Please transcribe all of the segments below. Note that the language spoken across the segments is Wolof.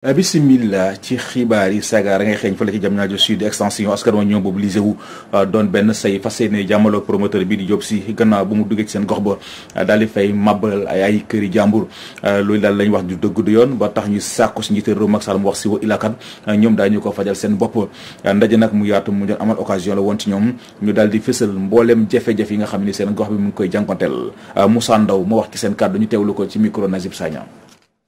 Euh, bisimilla ci xibaar yi sagaar ngay xeeñ la ci jam ñaajo sud extension askan wa ñoo mobilisé wu euh, doon benn say fas yéene jàmmaloog promoteur bi di Diop Sy gannaaw bu mu duggee ci seen gox ba euh, dal di fay màbbal ay ay këri jàmbur loolu daal lañ wax du dëgg du yoon ba tax ñu sàkku si njiitu réew Macky Sall mu wax si wa ñoom daal ñu ko fajal seen bopp ndaje nag mu yaatu mu doon amal occasion la woon ci ñoom ñu daal di fësal mbooleem jafe-jafe yi nga xam ni seen gox bi mu ngi koy jànkonteel Moussa Ndaw moo wax ci seen kàddu ñu teewlu ko ci micro Nazib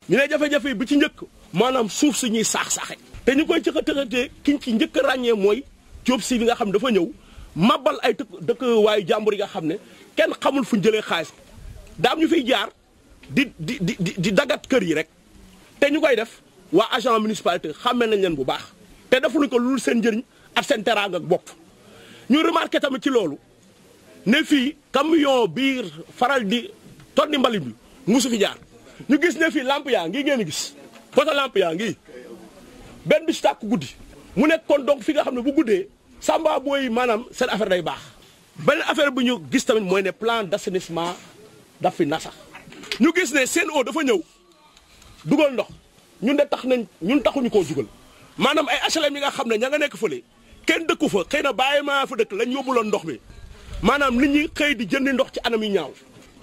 ñu ne jafe-jafe bi ci njëkk maanaam suuf ñuy saax-saaxe te ñu koy cëxatëxatee kiñ ci njëkk a ràññee mooy Diop Sy bi nga xam ne dafa ñëw mabal ay dëkk dëkk waayu jàmbur yi nga xam ne kenn xamul fu ñu jëlee xaalis daam ñu fiy jaar di di di di dagat kër yi rek te ñu koy def waa agent municipalité xàmmee nañ leen bu baax te defuñu ko lul seen njëriñ ak seen teraanga ak bopp ñu remarqué tamit ci loolu ne fii camion biir faral di tonni mbalit bi musu ñu gis ne fii làmp yaa ngi ngeen gis poto làmp yaa ngi benn bis tàkk guddi mu nekk kon donc fi nga xam ne bu guddee samba booy maanaam seen affaire day baax. beneen affaire bu ñu gis tamit mooy ne plan d'assainissement daf fi nasax ñu gis ne seen Sen'Eau dafa ñëw dugal ndox ñun ne tax nañ ñun taxuñu koo dugal maanaam ay HLM yi nga xam ne ña nga nekk le kenn dëkku fa xëy na bàyyi maa fa dëkk lañ yóbbuloon ndox mi maanaam li ñi xëy di jëndi ndox ci anam yu ñaaw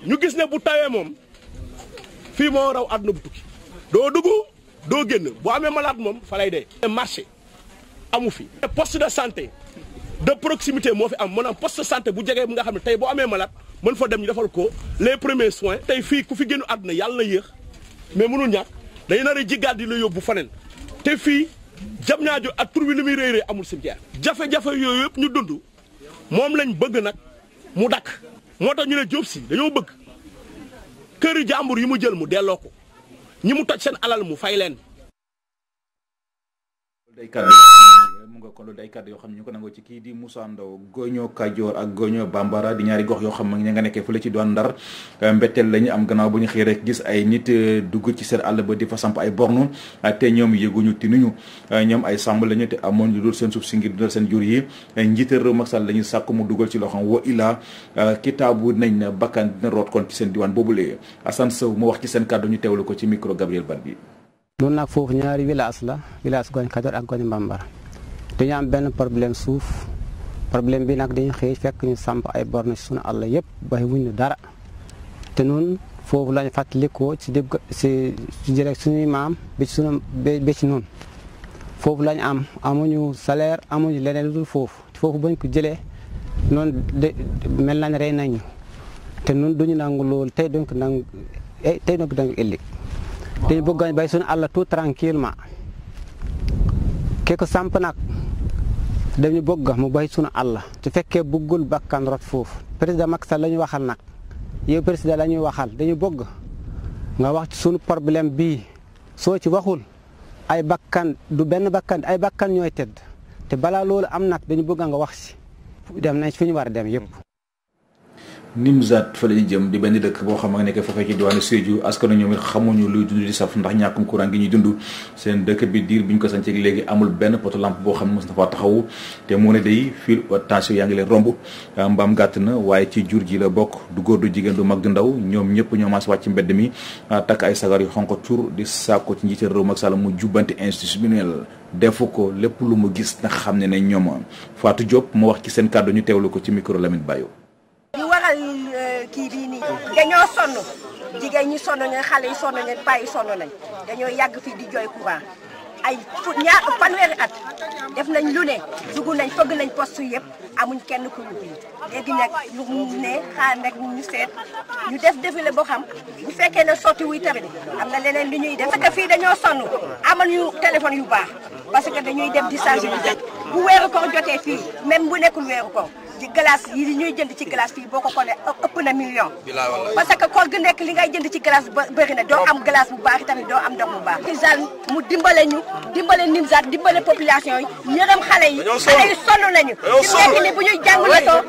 ñu gis ne bu tawee moom. fii moo raw àdduna bu tukki doo dugg doo génn boo amee malade moom fa lay dee. marché amu fi. poste de santé de proximité moo fi am maanaam poste de santé bu jegee bi nga xam ne tey boo amee malaat mën fa dem ñu defal ko les premiers soin tey fii ku fi génn àdduna yàlla yéex mais mënul ñàkk dañu nar a jiggaat di la yóbbu faneen te fii jam ñaajo ak tur bi li muy réeree amul cimetière. jafe-jafe yooyu yëpp ñu dund moom lañu bëgg nag mu dakk moo tax ñu ne dañoo bëgg. këri jàmbur yi mu jël mu delloo ko ñi mu toj seen alal mu fay leen. mu nga ko loolu ay kàddu yoo xam ne ñu ko nangoo ci kii di Moussa Ndaw Goño Kajoor ak Goño Bambara di ñaari gox yoo xam ne ña nga nekkee fële euh, lañu ñu xëy rek gis ay nit euh, dugg ci seen àll ba di fa samp ay bornu euh, seen suuf si ngir dundal seen jur yi njiital réew Macky Sall lañu sàkk mu dugal ci loxoom wa ilaa kitaabu nañ bakkan dina root kon ci seen diwaan boobu lee Assane Sow mu wax ci seen kàddu ñu teewlu ko ci micro Gabriel Barbi noonu nag foofu ñaari village la village Goñ Kajoor ak Goñ Bambara dañu am benn problème suuf problème bi nag dañu xëy fekk ñu samp ay borne ci suñu àll yëpp bay wuñu dara te noonu foofu lañu fàttalikoo ci dégg si ci jëlee suñuy maam ba ci suñu ba ci foofu lañu am amuñu salaire amuñu leneen lu dul foofu foofu bañ ko jëlee noonu de na nañ rey nañu te noonu duñu nangu loolu tey donc nangu eh, tey donc nangu ëllëg dañu bëgg bay suñu àll tout tranquillement ki ko samp nag dañu bëgg mu bay sunu àll su fekkee buggul bakkan rot foofu président Macky Sall la ñu waxal nag yow président la ñuy waxal dañu bëgg nga wax ci sunu problème bii soo ci waxul ay bakkan du benn bakkan ay bakkan ñooy tëdd te balaa loolu am nag dañu bëgg a nga wax si dem nañ si fi ñu war a dem yëpp Nimzaat fa la ñu jëm di benn dëkk boo xam ne nekk foofee ci diwaanu Sédhiou askan ñoom it xamuñu luy dund di saf ndax ñàkkum courant gi ñuy dund seen dëkk bi diir bi ñu ko sancee léegi amul benn poto lampe boo xam ne mos na faa taxawu te moo ne day fil yaa ngi leen romb ah, mbaam gàtt na waaye ci jur ji la bokk du góor du jigéen du mag ndaw ñoom ñëpp ñoo maas wàcc mbedd mi ah, takk ay sagar yu xonq tur di sàkku ci njiital réew Macky Sall mu jubbanti institution bi defu ko lépp lu mu gis na xam ne ne ñoom Fatou Diop moo wax ci seen kàddu ñu teewlu ko ci micro Lamine Bayo taal euh, kii bii nii dañoo sonn jigéen ñi sonn nañ xale yi sonn nañ paa yi sonn nañ dañoo yàgg fii di jooy courant ay ñaar fanweeri at def nañ lu ne dugg nañ fëgg nañ poste yëpp amuñ kenn ku ñu bii léegi nag ñu ne xaar nag ñu seet ñu def défilé boo xam bu fekkee ne sotti wuy tamit am na leneen li ñuy def parce que fii dañoo sonn ñu téléphone yu baax parce que dañuy dem di charger bu weeru ko jotee fii même bu nekkul weeru ko ji glace yi ñuy jënd ci glace fii boo ko xoolee ëpp na million parce que koor gi nekk li ngay jënd ci glace bëri na doo am glace bu baax tamit doo am ndox bu baax Nimzat mu dimbale ñu dimbale Nimzat dimbale population yi ñërëm xale yi xale nañu fi mu ni bu ñuy jàng letoo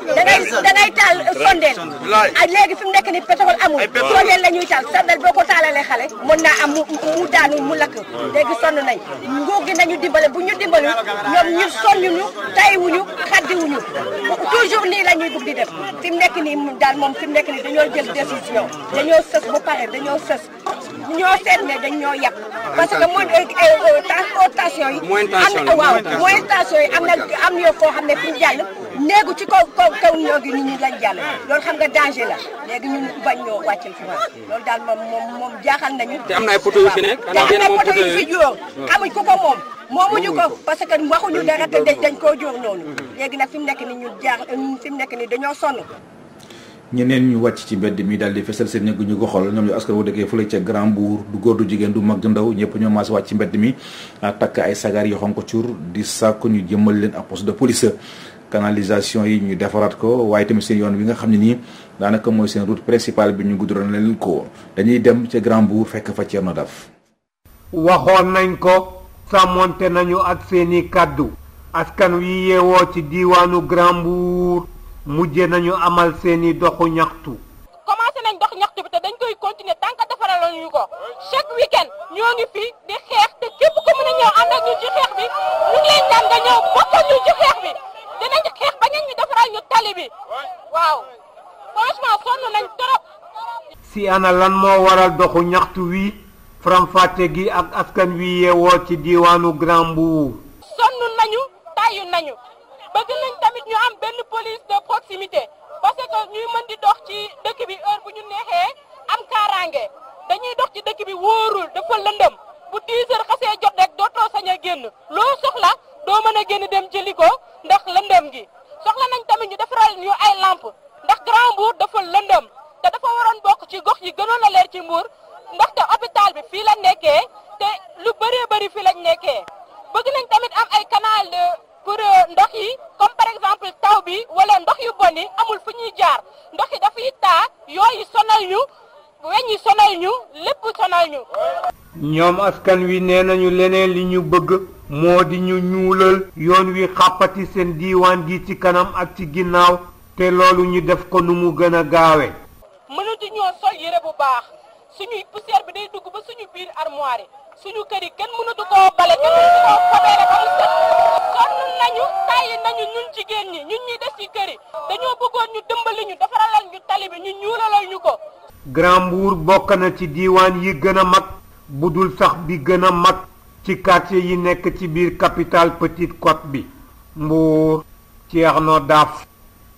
dangay taal sondeel ak léegi fi mu nekk ni pétrole amul sondeel la taal sondeel boo ko xale mën naa am mu daanu mu lakk léegi sonn nañ nguur gi nañu dimbale bu ñu dimbale ñoom ñu toujours nii la ñuy bëgg di def fi mu nekk nii daal moom fi mu nekk nii dañoo jël décision dañoo sës bu pare dañoo sës ñoo seet ne dañ ñoo yàq parce que mooy eh, eh, eh, tension yi am na waaw moyenne tension yi am na am yoo xam ne fi ñu néegu ci kaw kaw kaw ñoo gi nit ñi lañ jàll loolu xam nga danger la léegi ñun bañ ñoo wàccil loolu daal moom moom jaaxal nañu te am na ay yu fi juróom xamuñ ku ko moom moomuñu ko parce que waxuñu dara te dañ koo jóor léegi nag fi nekk ni ñu jaax fi nekk ni dañoo sonn ñeneen ñu wàcc ci mbedd mi daal di fesal seen ñëgg ñu ko xool ñoom ñu askan degee dëkkee fële ca Grand Mbour du góor du jigéen du mag du ndaw ñëpp ñoo maas wàcc ci mbedd mi takk ay sagar yoo xonk cuur di sàkku ñu jëmmal leen ak de police canalisation yi ñu defaraat ko waaye tamit seen yoon wi nga xam ne nii daanaka mooy seen route principale bi ñu goudron leen ko dañuy dem ca Grand Mbour fekk fa Thierno Daf waxoon nañ ko sàmmonte nañu ak seeni kàddu askan wi yeewoo ci diiwaanu Grand Mbour mujje nañu amal seeni doxu ñaxtu commencé nañ dox ñaxtu bi te dañ koy continuer tant que defaraloon ko chaque week ñoo ngi fii di xeex te képp ko mën ñëw ànd ak ñu xeex bi ñu ngi lay dinañ xeex ba ñu defaral ñu tali bi waaw franchement sonn nañ trop. si ana lan moo waral doxu ñaxtu wi faram gi ak askan wi yeewoo ci diwaanu Grand Mbour. sonn nañu tàyyu nañu bëgg nañ tamit ñu am benn police de proximité parce que ñuy mën di dox ci dëkk bi heure bu ñu neexee am kaaraange dañuy dox ci dëkk bi wóorul dafa lëndëm bu 10 heures jot rek dootoo sañ a génn loo soxla doo mën a génn dem. lëndëm gi soxla nañ tamit ñu defaral ñu ay lamp ndax Grand Mbour dafa lëndëm te dafa waroon bokk ci gox yi gënoon a leer ci Mbour ndaxte hôpital bi fii la nekkee te lu bëree bëri fii lañ nekkee bëgg nañ tamit am ay canal pour euh, ndox yi comme par exemple taw bi wala ndox yu bon amul fu ñuy jaar ndox yi dafay taa yooyu sonal ñu weñ yi sonal ñu lépp sonal ñu ñoom askan wi nee nañu leneen li ñu bëgg moo di ñu ñuul yoon wi xàppati seen diiwaan gi ci kanam ak ci ginnaaw te loolu ñu def ko nu mu gën a gaawe mënatuñoo sol yére bu baax suñuy poussière bi day dugg ba suñu biir armoire suñu kër yi kenn mënatu koo bale kenn mënatu koo fobeere ba mu set sonn nañu tàyyi nañu ñun jigéen ñi ñun ñi des ci kër dañoo bëggoon ñu dëmbali ñu defaralal ñu tali ñu ñuulalal ñu ko Grand Mbour bokk na ci diiwaan yi gën a mag bu dul sax bi gën a mag ci quartier yi nekk ci biir capitale Petite Côte bi Mbour Thierno Daaf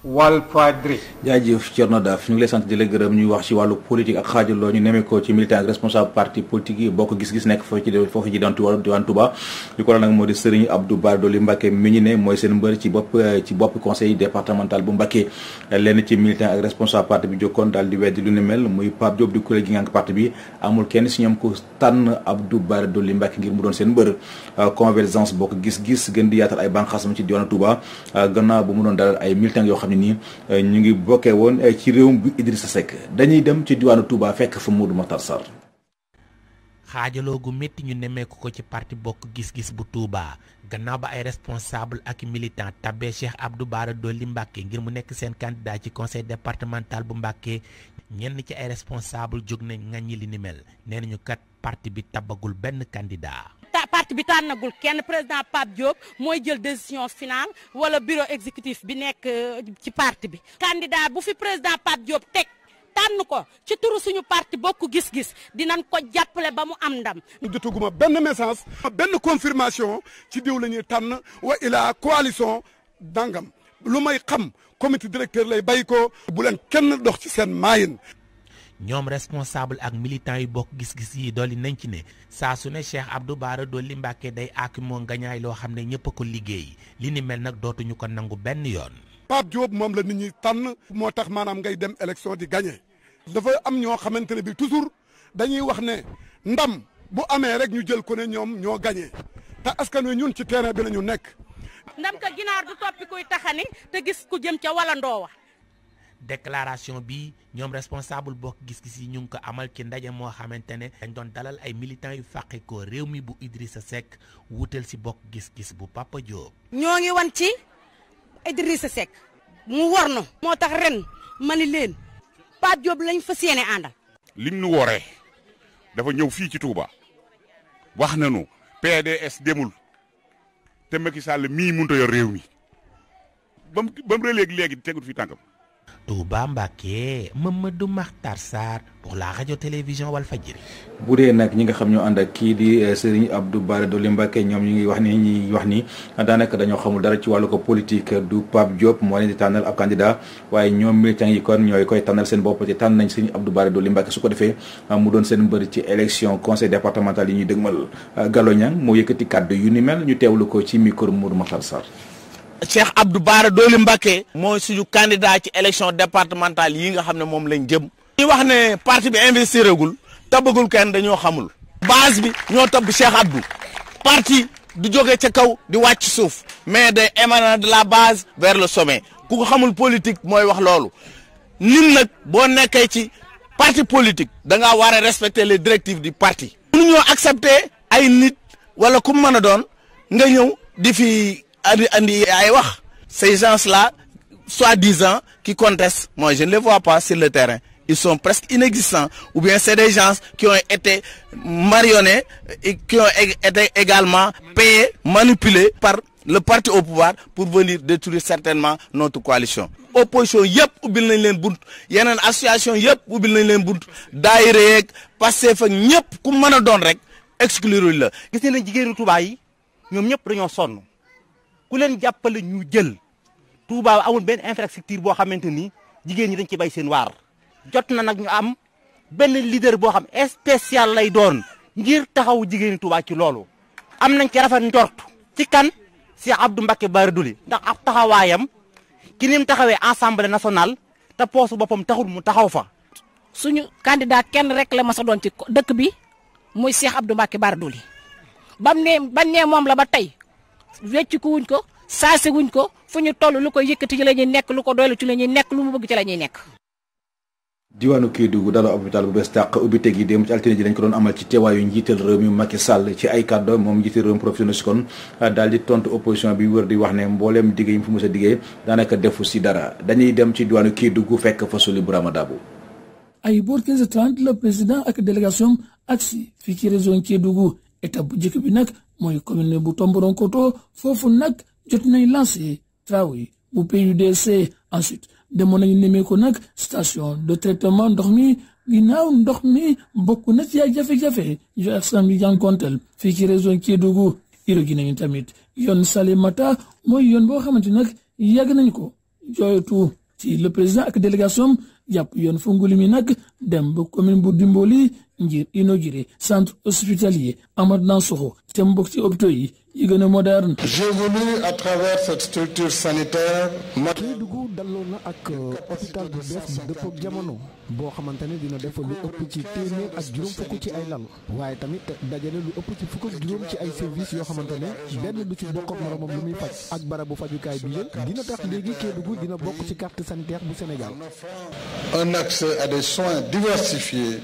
Walfadjri. jaajëf Thierno Daff ñu ngi lay sant di gërëm ñuy wax ci wàllu politique ak loo ñu nemee ko ci militant ak responsable parti politique yi bokk gis-gis nekk foofu ci foofu ci diwaan Touba li ko la nag moo di Serigne Abdou Bara Dolly Mbacké mi ñu ne mooy seen mbër ci bopp ci bopp conseil départemental bu Mbacké lenn ci militant ak responsable parti bi jokkoon daal di weddi lu ne mel muy Pape Diop di kuréel gi ngànk parti bi amul kenn si ñoom ko tànn Abdou du Dolly Mbacké ngir mu doon seen mbër euh, convergence bokk gis-gis gën di yaatal ay bànqaasam ci diwaan Touba euh, gannaaw bu mu doon dalal ay militant yoo xam ne euh, ñu ngi bokkee woon euh, ci réewum bu Idrissa Seck dañuy dem ci diwaanu Touba fekk fa Modou Matar Sarr. xaajaloo gu métti ñu nemmeeku ko ci parti bokk gis-gis bu Touba gannaaw ba ay responsable ak militant tabbe Cheikh Abdou Bara Dolly Mbacké ngir mu nekk seen candidat ci conseil départemental bu Mbacké ñenn ci ay responsable jóg nañ ŋaññi li ni mel nee nañu kat parti bi tabagul benn candidat. parti bi tànnagul kenn président Pape Diop mooy jël décision finale wala bureau exécutif bi nekk euh, ci parti bi. candidat bu fi président Pape Diop teg tànn ko ci turu suñu parti bokk gis-gis dinañ ko jàppale ba mu am ndam. jotaguma benn message. benn confirmation ci diw la ñuy tànn wa ilaa coalition dangam lu may xam comité directeur lay bay ko bu leen kenn dox ci seen maayin. ñoom responsable ak militant yu bokk gis-gis yi dolli nañ ci ne saa su ne ab du Bara Dolly Mbacké day aaki moo ngañaay loo xam ne ñëpp a ko liggéey li ni mel nag dootuñu ko nangu benn yoon. Pape Diop moom la nit ñi tànn. moo tax maanaam ngay dem élection di gagné. dafa am ñoo xamante ne bi toujours dañuy wax ne ndam bu amee rek ñu jël ko ne ñoom ñoo gagné te askan wi ñun ci terrain bi la ñu nekk. ndam ka ginaar du toppi kuy taxani te gis ku jëm ca wala ndoowa. déclaration bi ñoom responsable bokk gis-gis yi ñu ngi ko amal ci ndaje moo xamante ne dañ doon dalal ay militants yu fàqi ko réew mi bu sa Seck wuutal si bokk gis-gis bu Papa Diop. ñoo ngi wan ci Idrissa Seck mu war na moo tax ren ma ni leen Papa Diop lañ fas yéene àndal. lim nu wooree dafa ñëw fii ci tuuba wax na nañu PDS demul te Macky Sall mii mënut a yor réew mi bam mu ba mu léegi léegi tegut fi tànkam. Touba Mbacké Mamadou Makhtar Sarr pour la radio télévision Walfadjri bu dee nag ñi nga xam ñoo ànd ak kii di eh, Serigne Abdou Bara Dolly Mbacké ñoom ñu ngi wax ni ñi wax ni daanaka dañoo xamul dara ci wàllu ko politique du Pape Diop moo leen di tànnal ab candidat waaye ñoom militants yi kon ñooy koy tànnal seen bopp ci tànn nañ Serigne Abdou Bara Dolly Mbacké su ko defee ah, mu doon seen mbër ci élection conseil départemental yi ñuy dëgmal ah, Gallo Niang moo yëkkati kàddu yu ni mel ñu teewlu ko ci micro Mourou Makhtar Sarr Cheikh Abdou Bara Dolly Mbacké mooy suñu candidat ci élection départementale yi nga xam ne moom lañ jëm ñi wax ne parti bi investiragul tabagul kenn dañoo xamul base bi ñoo tabb Cheikh Abdou parti du joge ca kaw di wàcc suuf mais day émanant de la base vers le some ku ko xamul politique mooy wax loolu nit nag boo nekkee ci parti politique da ngaa war a respecter les directive du parti mënuñoo accepter ay nit wala ku mën a doon nga ñëw di andi andi ay wax ces gens la soi-disant qui contestent moi je ne les vois pas sur le terrain ils sont presque inexistants ou bien c'est des gens qui ont été marionnés et qui ont également payés manipulés par le parti au pour venir détruire certainement notre coalition opposition yëpp ubbil nañ leen bunt yeneen association yëpp ubbil nañ leen bunt daayira yeeg Pastef ak ñëpp ku mën a doon rek exclure la gis ne leen jigéenu Touba yi ñoom ñëpp dañoo sonn ku leen jàppale ñu jël Touba amul benn infrastructure boo xamante ni jigéen ñi dañ ci bay seen waar. jot na nag ñu am benn leader boo xam spécial lay doon ngir taxaw jigéeni Touba ci loolu. am nañ ci rafet njort ci kan si Abdou Mbacke Bara Dolly ndax ab taxawaayam ki ni mu taxawee assemblée nationale te poosu boppam taxul mu taxaw fa. suñu candidat kenn rek la ma sa doon ci dëkk bi muy Cheikh Abdou Mbacke Bara Dolly bam ne moom la ba tey wecc ko wuñ ko saase wuñ ko fu ñu toll lu ko yëkkati ci la ñuy nekk lu ko doylu ci la ñuy nekk lu mu bëgg ci la ñuy nekk. diwaanu Kédougou dala hôpital bu bees tàq ubbite gi démb ci altine ji dañ ko doon amal ci teewaayu njiital réew mi Macky Sall ci ay kàddo moom njiital réew mi professeur Sikon ah, daal di tontu opposition di wax ne mbooleem digg yi mu fi mos a diggee defu si dara dañuy dem ci diwaanu Kédougou fekk fa Souli Bourama Dabo. ay boor 15h30 le président ak délégation agsi fii ci région Kédougou étape bu njëkk bi nag mooy commune bu Tomboronkoto foofu nag jot nañ lancé travaux yi bu PUDC ensuite demoon nañu nemee ko nag station de traitement ndox mi ginnaaw ndox mi bokk na ci ay jafe-jafe yu askan bi jànkonteel fii ci région Kédougou irrigé nañu tamit yoon mata mooy yoon boo xamante nag yàgg nañu ko jooytu ci le président ak délégation jàpp yoon funguli mi nag dem ba commune bu njir ino inauguré centre hospitalier Amath Dansokho te mbokk ci hôpitaux yi yi gën a moderne. j'ai voulu à travers cette structure sanitaire. Kédougou dalloo na ak euh, hôpital bu bees bu dëppoog jamono boo xamante ne dina def lu ëpp ci téeméer ak juróom fukk ci ay lal waaye tamit dajale lu ëpp ci fukk ak juróom ci ay services yoo xamante ne benn du ci bokk ak moromam lu muy faj ak barabu fajukaay bi yëpp dina tax léegi Kédougou dina bokk ci carte sanitaire bu Sénégal. un accès à des soins diversifiés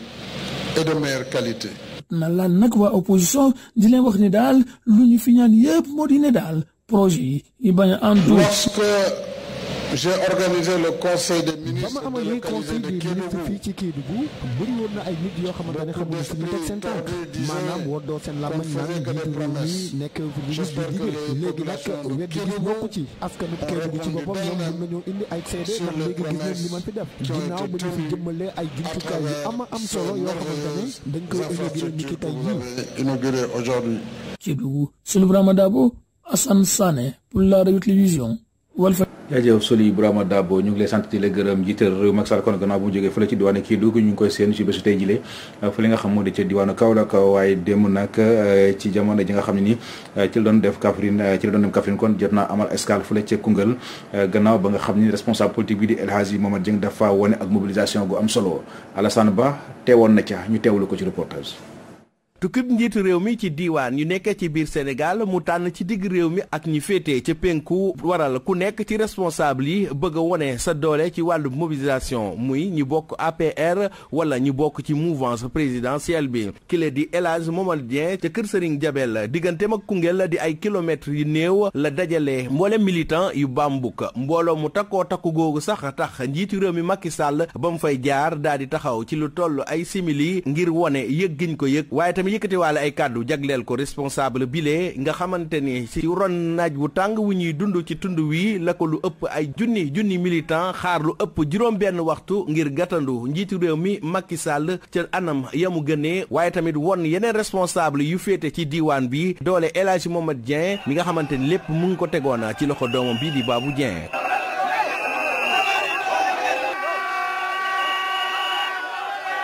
et de meilleure qualité. na lan nag waa opposition di leen wax ni daal lu ñu fi ñaan yépp moo di daal projet yi bañ a ànd. j'ai organisé le conseil des ministres. ba ma fii ci Kédougou bëri woon na ay nit yoo xamante ne xamuñu fi ñu teg seen tànk maanaam woddoo seen làmmañ naan njiitu réew mi nekk ministre di digle léegi nag wedd gi bokk ci askanu Kédougou ci boppam ñoom mën nañoo indi ay seede ndax léegi gis ngeen li man fi def ginnaaw ba ñu fi jëmmalee ay jumtukaay yu ama am solo yoo xamante ne dañ koy inauguré ni ki tey jii. inauguré aujourd'hui. Kédougou Sylvain Dabo Assane Sané pour la radio télévision jaajëf Soly Ibrahima Dabo ñu ngi lay sant di la gërëm jiital réew Macky Sall kon gannaaw bu mu jógee fële ci diwaanu Kédougou ñu ngi koy seen ci bésu tey jile fële nga xam moo di ca diwaanu Kaolack waaye démb nag eh, ci jamono ji xam ne ni eh, ci la doon def Kaffrine eh, ci la doon dem Kaffrine kon jot naa amal escale fële ca Koungheul gannaaw ba nga xam ni responsable politique bi di El Hadji Momar Dieng dafa wane ak mobilisation gu am solo Alassane Ba teewoon na ca ñu teewlu ko ci reportage tukkib njiitu réew mi ci diwaan yu nekkee ci biir Sénégal mu tànn ci digg réew mi ak ñi féetee ca penku waral ku nekk ci responsable yi bëgg a wone sa doole ci wàllu mobilisation muy ñi bokk APR wala ñi bokk ci mouvance présidentielle bi kile di El Hadj Momar Dieng ca kër Serigne Jabel digganteem ak Koungheul di ay kilomètres yu néew la dajale mboole militant yu baam Bambouk mbooloo mu takkoo takku googu sax a tax njiitu réew mi Macky sàll ba mu fay jaar daal di taxaw ci lu toll ay simili ngir wone yëg ko yëg waaye bi yëkkatiwaale ay kàddu jagleel ko responsable bile nga xamante ni si ron naaj wu tàng wu ñuy dund ci tund wi la ko lu ëpp ay junni junni militant xaar lu ëpp juróom-benn waxtu ngir gàttandu njiitu réew mi Macky Sall ca anam yamu gënee waaye tamit won yeneen responsable yu féete ci diiwaan bi doole El Hadji Momad Dieng mi nga xamante ni lépp mu ngi ko tegoon ci loxo doomam bii di Babou Dieng.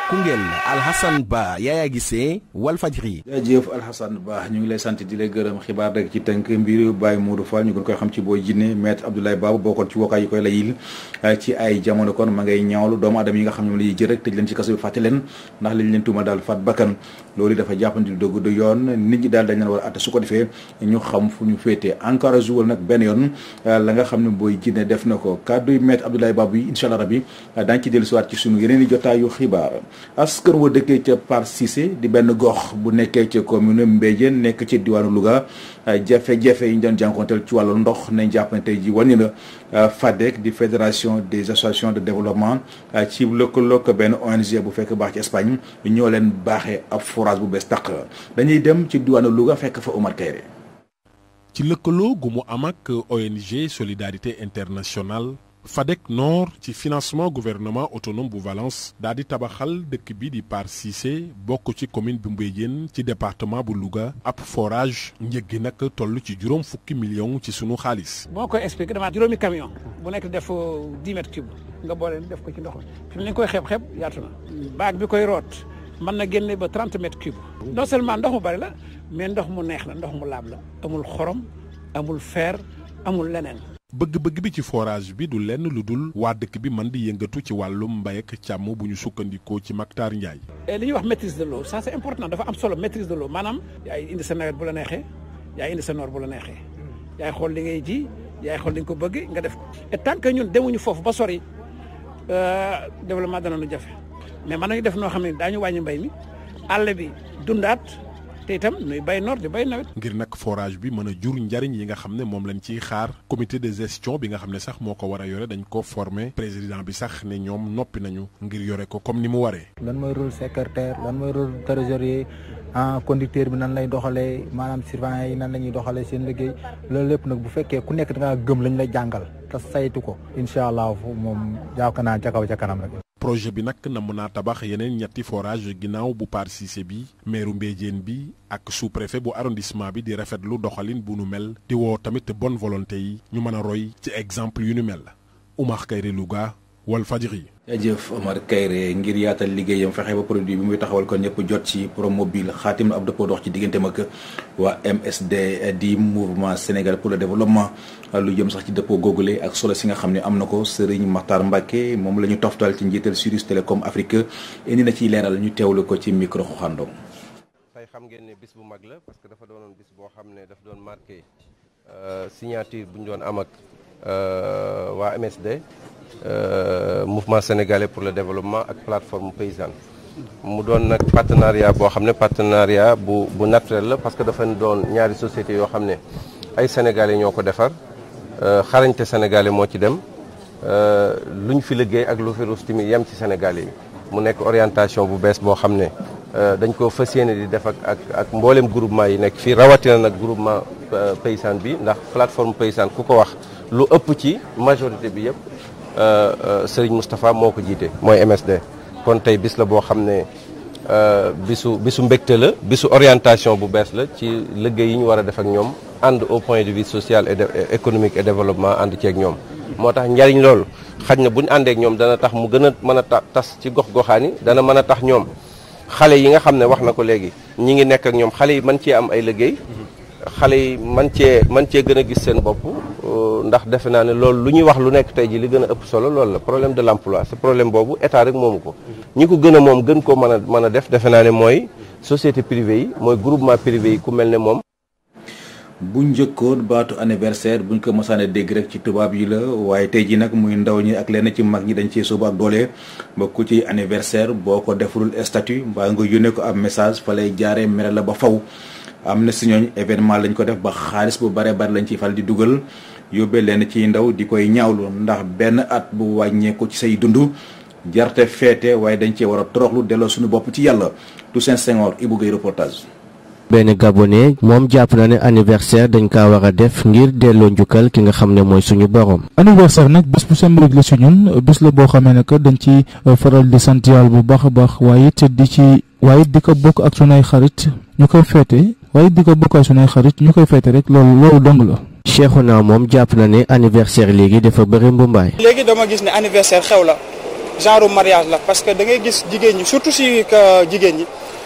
Koungheul Alhassane Ba Yaya Guissé Walfadjri jaajëf Alhassane Ba ñu ngi lay sant di lay gërëm xibaar rek ci tënk mbir Baye Modou Fall ñu gën koy xam ci Boy Djiné maître Abdoulaye Babou bokkoon ci wokkaay yi koy layil ah, ci ay jamono kon ma ngay ñaawlu doomu adama yi nga xam ne moom la ñuy jël rek tëj leen ci kaso bi fàtte leen ndax liñ leen tuuma daal faat bakkan loolu dafa jàppandi lu dëgg du yoon nit ñi daal dañ leen war a su ko defee ñu xam fu ñu féete encore joual nag benn yoon ah, la nga xam ne Boy Djiné def na ko kàddu maître Abdoulaye Babou yi incha allah rabbi ah, dañ ci dellusiwaat ci suñu yeneen i jotaayu xibaar askan wa dëkkee ca Par Cissé di benn gox bu nekkee ca commune Mbédiène nekk ci diwaanu Louga euh, jafe-jafe yi ñu doon jànkonteel ci wàllu ndox nañ jàpp tey ji wàññi na euh, FADEC di fédération des associations de développement euh, ci lëkkaloog benn ONG bu fekk baax ci Espagne ñoo leen baaxee ab forage bu bees tàq dañuy dem ci diwaanu Louga fekk fa Omar Kayre ci lëkkaloo gu mu am ak ONG Solidarité Internationale FADEC nord ci financement gouvernement autonome bu Valence daal di tabaxal dëkk bi di Par Cissé bokk ci commune bi bu Mbéjéen ci département bu Louga ab forage njëg gi nag toll ci juróom fukki millions ci sunu xaalis. boo koy expliqué damaa juróomi camion bu nekk def 10 mètres cube nga boole def ko ci ndox mi fi mu koy xeeb xeeb yaatu na. baag bi koy root mën na génne ba 30 mètres cube non seulement ndox mu bari la mais ndox mu neex la ndox mu laab la amul xorom amul fer amul leneen. bëgg-bëgg bi ci forage bi du lenn lu dul waa dëkk bi mën di yëngatu ci wàllum mbay ak càmm bu ñu sukkandikoo ci Mactar Ndiaye. Eh, li ñuy wax maîtrise de l'eau ça c'est important dafa am solo maîtrise de l'eau maanaam. yaay indi sa nawet bu la neexee yaay sa noor bu la neexee yaay xool li ngay ji yaay xool li nga ko bëgg nga def ko. et tant que ñun demuñu foofu ba sori euh, développement dana nu jafe mais mën nañu def noo xam ne daañu wàññi mbay mi àll bi dundaat. te itam nuy bay noor di bay nawet. ngir nag forage bi mën a jur njariñ yi nga xam ne moom lañ ciy xaar comité de gestion bi nga xam ne sax moo ko war a yore dañ ko formé président bi sax ne ñoom noppi nañu ngir yore ko comme ni mu waree. lan mooy rôle secrétaire lan mooy rôle trésorier ah conducteur bi nan lay doxalee maanaam surveillant yi nan la ñuy doxalee seen liggéey loolu lépp nag bu fekkee ku nekk da gëm lañu lay jàngal te saytu ko incha allah moom jaakaar naa ca kaw ca kanam projet bi nag namm naa tabax yeneen ñetti forage ginnaaw bu Paar bi meeru Mbéjéen bi ak sous bu arrondissement bi di rafetlu doxalin bu nu mel di woo tamit bon volonté yi ñu mën a roy ci exemple yu nu mel la Oumar Kayre Louga Walfadjri. jaajëf Omar Kayre ngir yaatal liggéeyam fexe ba produit bi muy taxawal ko ñëpp jot ci promobile xaatim na ab dëppoo dox ci ma ak waa MSD di mouvement Sénégal pour le développement lu jëm sax ci dëppoo googule ak solo si nga xam ne am na ko Serigne Makhtar Mbacke moom la ñu toftal ci njiital Sirius Télécom Afrique indi na ciy leeral ñu teewlu ko ci micro xoxandoo. tey xam ngeen ne bis bu mag la parce que dafa doonoon bis boo xam ne dafa doon marqué euh, signature bu ñu doon am euh, waa MSD. Euh, mouvement sénégalais pour le développement ak plateforme paysanne. mu doon nag partenariat boo xam ne partenariat bu bu naturel la parce que dafa doon ñaari société yoo xam ne ay sénégalais ñoo ko defar euh, xarañte sénégalais moo ci dem euh, lu ñu fi liggéey ak lu fi ruus tamit yem ci sénégalais yi. mu nekk orientation bu bees boo xam ne dañ ko fas yéene di def ak ak ak mboolem groupement yi nekk fii rawatina nag groupement paysan bi ndax plateforme paysan ku ko wax lu ëpp ci majorité bi yëpp. Euh, Serigne Moustapha moo ko jiite mooy MSD kon tey bis la boo xam ne euh, bisu bisu mbégte la bisu orientation bu bees la ci liggéey yi ñu war a def ak ñoom ànd au point de vue social et économique et développement ànd ceeg ñoom moo tax njariñ loolu xaj na bu ñu àndeek ñoom dana tax mu gën a mën a tas ci gox goxaan yi dana mën a tax ñoom xale yi nga xam ne wax na ko léegi ñi ngi nekk ak ñoom xale yi mën cee am ay liggéey xale yi man cee man cee gën a gis seen bopp euh, ndax defe naa ne loolu lu ñuy wax lu nekk tey ji li gën a ëpp solo loolu la problème de l'emploi ce problème boobu état rek moomu ko mm-hmm. ñi ko gën a moom gën ko mën a mën a def defe naa ne mooy société privée yi mooy groupement privé yi ku mel ne moom bu njëkkoon baatu anniversaire buñ ko mosaane dégg rek ci tubaab yi la waaye tey ji nag muy ndaw ñi ak lenn ci mag ñi dañ cee sóobu ak doole ba ku ci anniversaire boo ko defarul statut mbaa nga yónnee ko am message fa lay jaaree mere la ba faw am na si ñooñ événement lañ ko def ba xaalis bu bare bari lañ ciy fal di dugal yóbbee lenn ci ndaw di koy ñaawlu ndax benn at bu wàññeeku ci say dund jarte feete waaye dañ cee war a toroxlu delloo suñu bopp ci yàlla Toussaint Senghor Ibou Gueye reportage benn gabonais moom jàpp na ne anniversaire dañ kaa war a def ngir delloo njukkal ki nga xam ne mooy suñu borom. anniversaire nag bés bu symbolique la si ñun bés la boo xamee ne dañ ci euh, faral di sant bu baax a baax waaye it di ci waaye it di ko bokk ak sunay xarit ñu koy feete waaye di ko bokk su sunay xarit ñu koy feete rek loolu loolu dong la. Cheikhouna moom jàpp na ne anniversaire léegi dafa bëri mbumbaay. léegi dama gis ne anniversaire xew la genre mariage la parce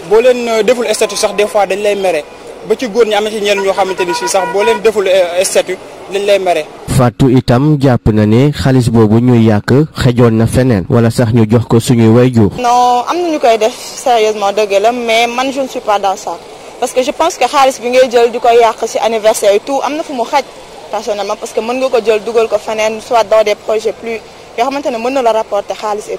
boo leen euh, deful statut sax des fois dañ lay mere ba ci góor ñi am na ci ñenn ñoo xamante ni si sax boo leen deful euh, statut dañ lay mere. Fatou itam jàpp na ne xaalis boobu ñuy yàq xejoon na feneen wala sax ñu jox ko suñuy waajur. non am na ñu koy def sérieusement dëgg la mais man je ne suis pas dans ça parce que je pense que xaalis bi ngay jël di koy yàq ci anniversaire yi tout am na fu mu xaj personnellement parce que mën nga ko jël dugal ko feneen soit dans na la rapporter xaalis